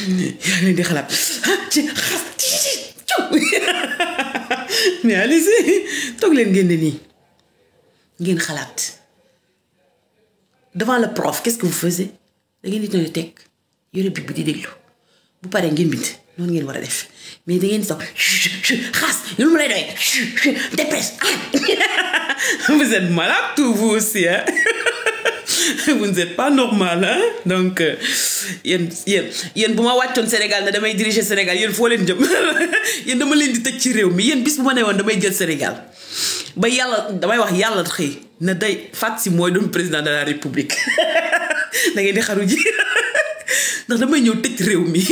yaa ngi leen di xalaat ci ah, xas ci mais allez toog leen ngeen nii ngeen xalaat devant le prof qu'est-ce que vous faisiez da di doon teg yore bi bi di déglu bu paree ngeen bind noonu ngeen war a def mais da ngeen di toog xas lu mu lay doy dépêche ah. vous êtes malade vous aussi hein pas normal hein donc. Euh, yéen yéen yéen bu ma wàccoon Sénégal ne damay diriger Sénégal yéen foo leen jëm yéen dama leen di tëj ci réew mi yéen bis bu ma ne woon damay jël Sénégal ba yàlla damay wax yàlla xëy na day Fatou si mooy doon président de la république da ngeen di xaru ji ndax damay ñëw tëj réew mi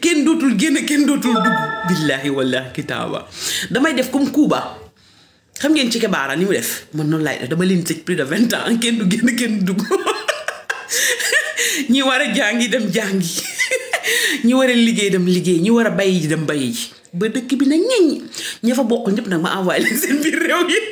kenn dootul génn kenn dootul dugg billahi wallahi kitaaba damay def comme Cuba xam ngeen ci kebaara ni mu def man noonu laay def dama leen tëj plus de vingt ans kenn du kenn dugg ñi war a jàngi dem jàngi ñi war a liggéey dem liggéey ñi war a bayi ji dem bayi ji ba dëkk bi nag ñeñ ña fa bokk ñëpp nag ma envoyé leen seen biir réew yi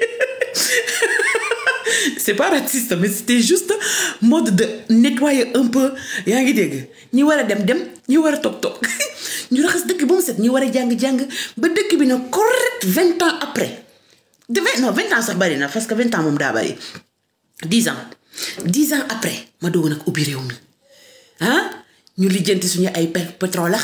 c'est pas raciste mais c'était juste mode de nettoyer un peu yaa ngi dégg ñi war a dem dem ñi war a toog toog ñu raxas dëkk ba mu set ñi war a jàng-jàng ba dëkk bi nag correct vingt ans après de vingt non vingt ans sax bari na parce que vingt ans moom daa bari dix ans dix ans après ma doog nag ubbi réew mi ñu lijjanti suñu ay pétrole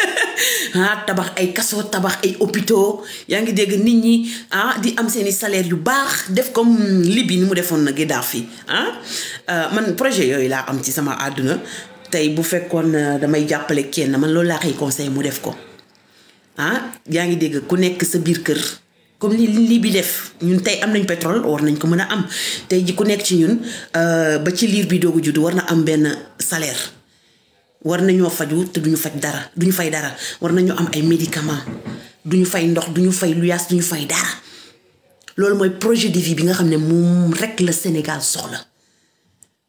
ah tabax ay kaso tabax ay hôpitaux yaa ngi dégg nit ñi ah di am seeni salaire yu baax def comme Libye ni mu defoon na Gaddafi ah euh, man projet yooyu laa am ci sama àdduna tey bu fekkoon euh, damay jàppale kenn man loolu laa koy conseil mu def ko ah yaa ngi dégg ku nekk sa biir kër comme li lii bi def ñun tey am nañ pétrole war nañ ko mën a am tey ji ku nekk ci ñun euh, ba ci liir bi doogu juddu war na am benn salaire war ñoo faju te duñu faj dara duñu fay dara war nañoo am ay médicament duñu fay ndox duñu fay luyaas duñu fay dara loolu mooy projet de vie bi nga xam ne moom rek la Sénégal soxla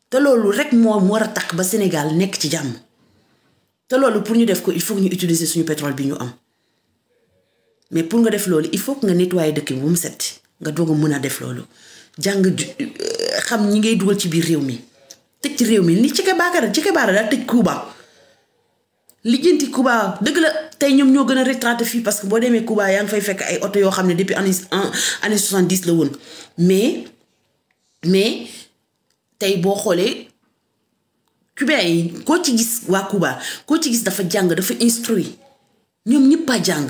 te loolu rek moo war a tax ba Sénégal nekk ci jàmm te loolu pour ñu def ko il faut ñu utiliser suñu pétrole bi ñu am mais pour nga def loolu il faut que nga nettoyer dëkk bi mu set nga doog a mën a def loolu jàng euh, xam ñi ngay dugal ci biir réew mi tëj ci réew mi ni ci Chikabara Chikabara daal tëj Cuba lijjanti Cuba dëgg la tey ñoom ñoo gën a retraité fii parce que boo demee Cuba yaa ngi fay fekk ay oto yoo xam ne depuis année année soixante dix la woon mais mais tey boo xoolee cubain yi koo ci gis waa Cuba koo ci gis dafa jàng dafa instruit ñoom ñëpp a jàng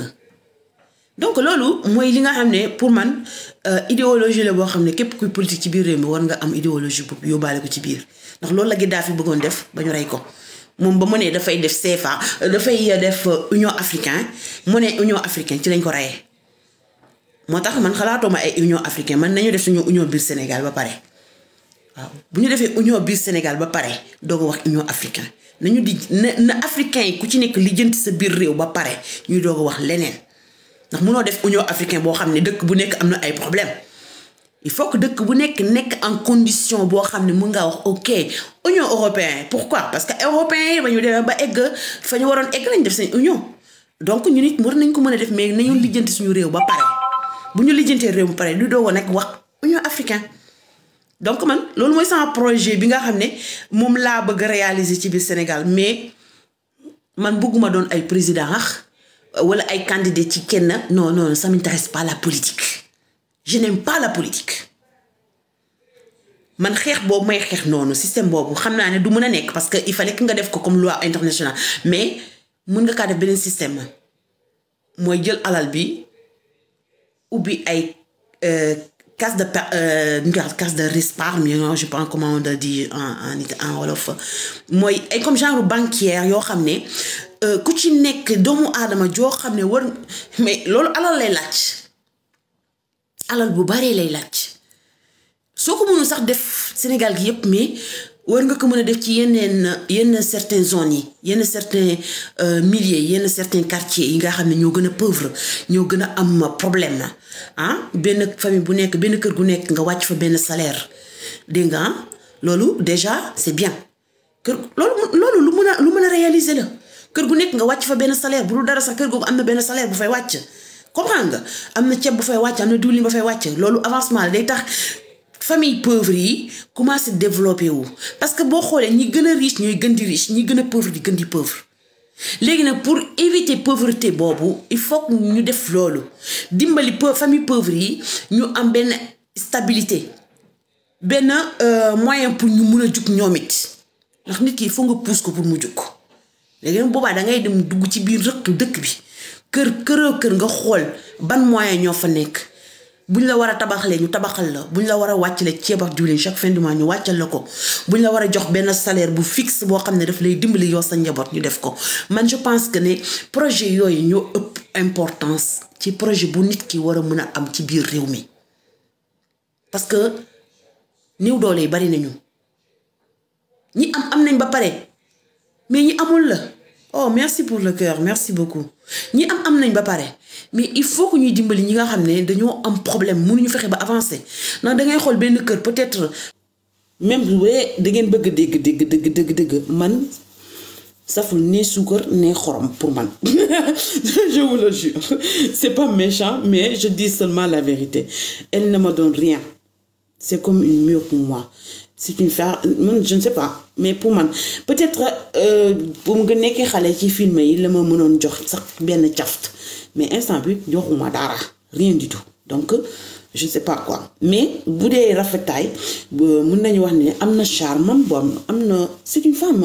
donc loolu mooy li nga xam ne pour man euh, idéologie la boo xam ne képp kuy politique ci biir réew mi war nga am idéologie boobu yóbbaale ko ci biir ndax loolu la Gaddafi bëggoon def ba ñu rey ko. moom ba mu nee dafay def CFA dafay def Union africain mu ne Union africain ci lañ ko reyee moo tax man xalaatuma ay Union africain man nañu def suñu Union biir Sénégal ba pare waaw bu ñu defee Union biir Sénégal ba pare doog wax Union africain nañu di na africain yi ku ci nekk lijjanti sa biir réew ba pare ñuy doog wax leneen ndax munoo def Union africain boo xam ne dëkk bu nekk am na ay problème il faut que dëkk bu nekk nekk en condition boo xam ne mun ngaa wax ok union européen pourquoi parce que européen yi ba ñu demee ba egg fa ñu waroon egg lañ def seen union donc ñu nit war nañ ko mën a def mais nañu lijjanti suñu réew ba pare bu ñu lijjantee réew ba pare lu doog nekk wax union africain donc man loolu mooy sama projet bi nga xam ne moom laa bëgg réaliser ci biir Sénégal mais man bëgguma doon ay président ah, wala ay candidat ci kenn non non pas la politique je n'aime pas la politique man xeex boobu may xeex noonu système boobu xam naa ne du mën a nekk parce que il fallait que nga def ko comme loi internationale mais mën nga kaa def beneen système mooy jël alal bi ubbi ay euh, case de euh, case de risparme je pense comment on dit en en wolof mooy ay comme genre banquière yoo xam ne euh, ku ci nekk doomu aadama joo xam ne war mais loolu alal lay laaj. alal bu baree lay laaj soo ko mënul sax def Sénégal gi yëpp mais war nga ko mën a def ci yeneen yenn certaines zones yi yenn certains euh, milieux yenn certains quartiers yi nga xam ne ñoo gën a pauvre ñoo gën a am problème na ah benn famille bu nekk benn kër gu nekk nga wàcc fa benn salaire dégg nga ah. loolu déjà c'est bien kër loolu loolu lu mën a lu mën a réaliser kër gu nekk nga wàcc fa benn salaire bu dul dara sax kër googu am na benn salaire bu fay wàcc comprendre nga am na ceeb ba fay wàcc am na diwlin ba fay wàcc loolu avancement la day tax famille pauvre yi commencé développé wu parce que boo xoolee ñi gën a riche ñooy gën di riche ñi gën a pauvre di gën di pauvre léegi nag pour éviter pauvreté boobu il faut que ñu def loolu dimbali pa famille pauvre yi ñu am benn stabilité benn euh, moyen pour ñu mun a jug ñoom it ndax nit ki il nga pousse ko pour mu jug léegi nag boobaa da ngay dem dugg ci biir rëq dëkk bi. kër këroo kër nga xool ban moyen ñoo fa nekk buñ la war a tabaxalee ñu tabaxal la buñ la war a wàccalee ceeb ak diwlin chaque fin du ñu wàccal la ko bu buñ la war a jox benn salaire bu fixe boo xam ne daf lay dimbali yow sa njaboot ñu def ko man je pense que ne projet yooyu ñoo ëpp importance ci projet bu nit ki war a mën a am ci biir réew mi parce que néew doole yi bari nañu ñi am am nañ ba pare mais ñi amul la. oh merci pour le cœur merci beaucoup ñi am am nañ ba pare mais il faut que ñuy dimbali ñi nga xam ne dañoo am problème mënuñu fexe ba avancer ndax da ngay xool benn kër peut-être même bu dee da ngeen bëgg dégg dégg dëgg dëgg dëgg man saful ne suukar ne xorom pour man je vous le jure c'est pas méchant mais je dis seulement la vérité elle ne ma doon rien c'est comme une pour moi c'est une faire man je ne mais pour man peut-être euh, bu mu gën nekkee xale ci film yi la ma mënoon jox sax benn caft mais instant bi joxuma dara rien du tout donc je ne sais mais bu dee rafetaay mën nañu wax ne am na charme am boobu am na c'est une femme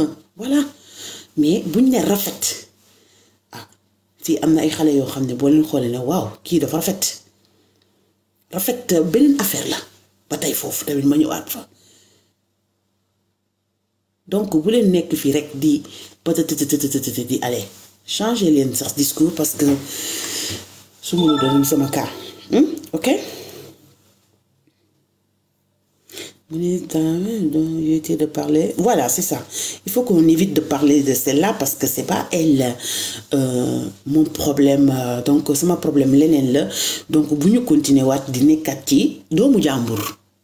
mais buñ ne rafet ah fii am na ay xale yoo xam ne boo leen xoolee ne waaw kii dafa rafet rafet beneen affaire la ba tey foofu tamit ma ñëwaat donc bu leen nekk fii rek di peut-être di aller changer leen sax discours parce que su ma doon sama cas hmm, ok. On est en de parler. Voilà, c'est ça. Il faut qu'on évite de parler de celle-là parce que c'est pas elle euh, mon problème. Euh, donc, c'est mon problème. L'ennemi. Donc, si nous continuons à dîner, Cathy, d'où nous jambons.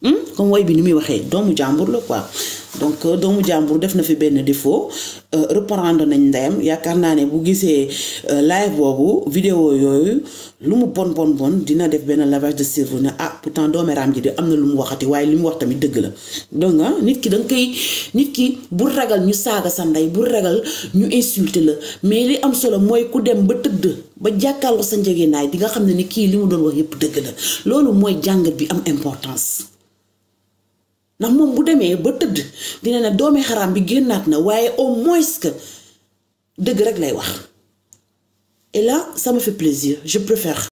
Hmm? Comme vous avez dit, nous jambons, quoi. donc euh, doomu jàmbur def na fi benn défaut euh, reprendre nañ ndeyam yaakaar naa ne bu gisee euh, live boobu vidéo yooyu lu mu bon bon bon dina def benn lavage de cerveau ne ah pourtant doomeraam ji de am na lu mu waxati waaye li mu wax tamit dëgg la nga nit ki danga koy nit ki bu ragal ñu saaga sa ndey bu ragal ñu insulter la mais li am solo mooy ku dem ba tëdd ba jàkkaarloo sa njëgeenaay di nga xam ne ni kii li mu doon wax yëpp dëgg la loolu mooy jàngat bi am importance ndax moom bu demee ba tëdd dina ne doomi xaraam bi génnaat na waaye au moins que dëgg rek lay wax et là ça me fait plaisir je préfère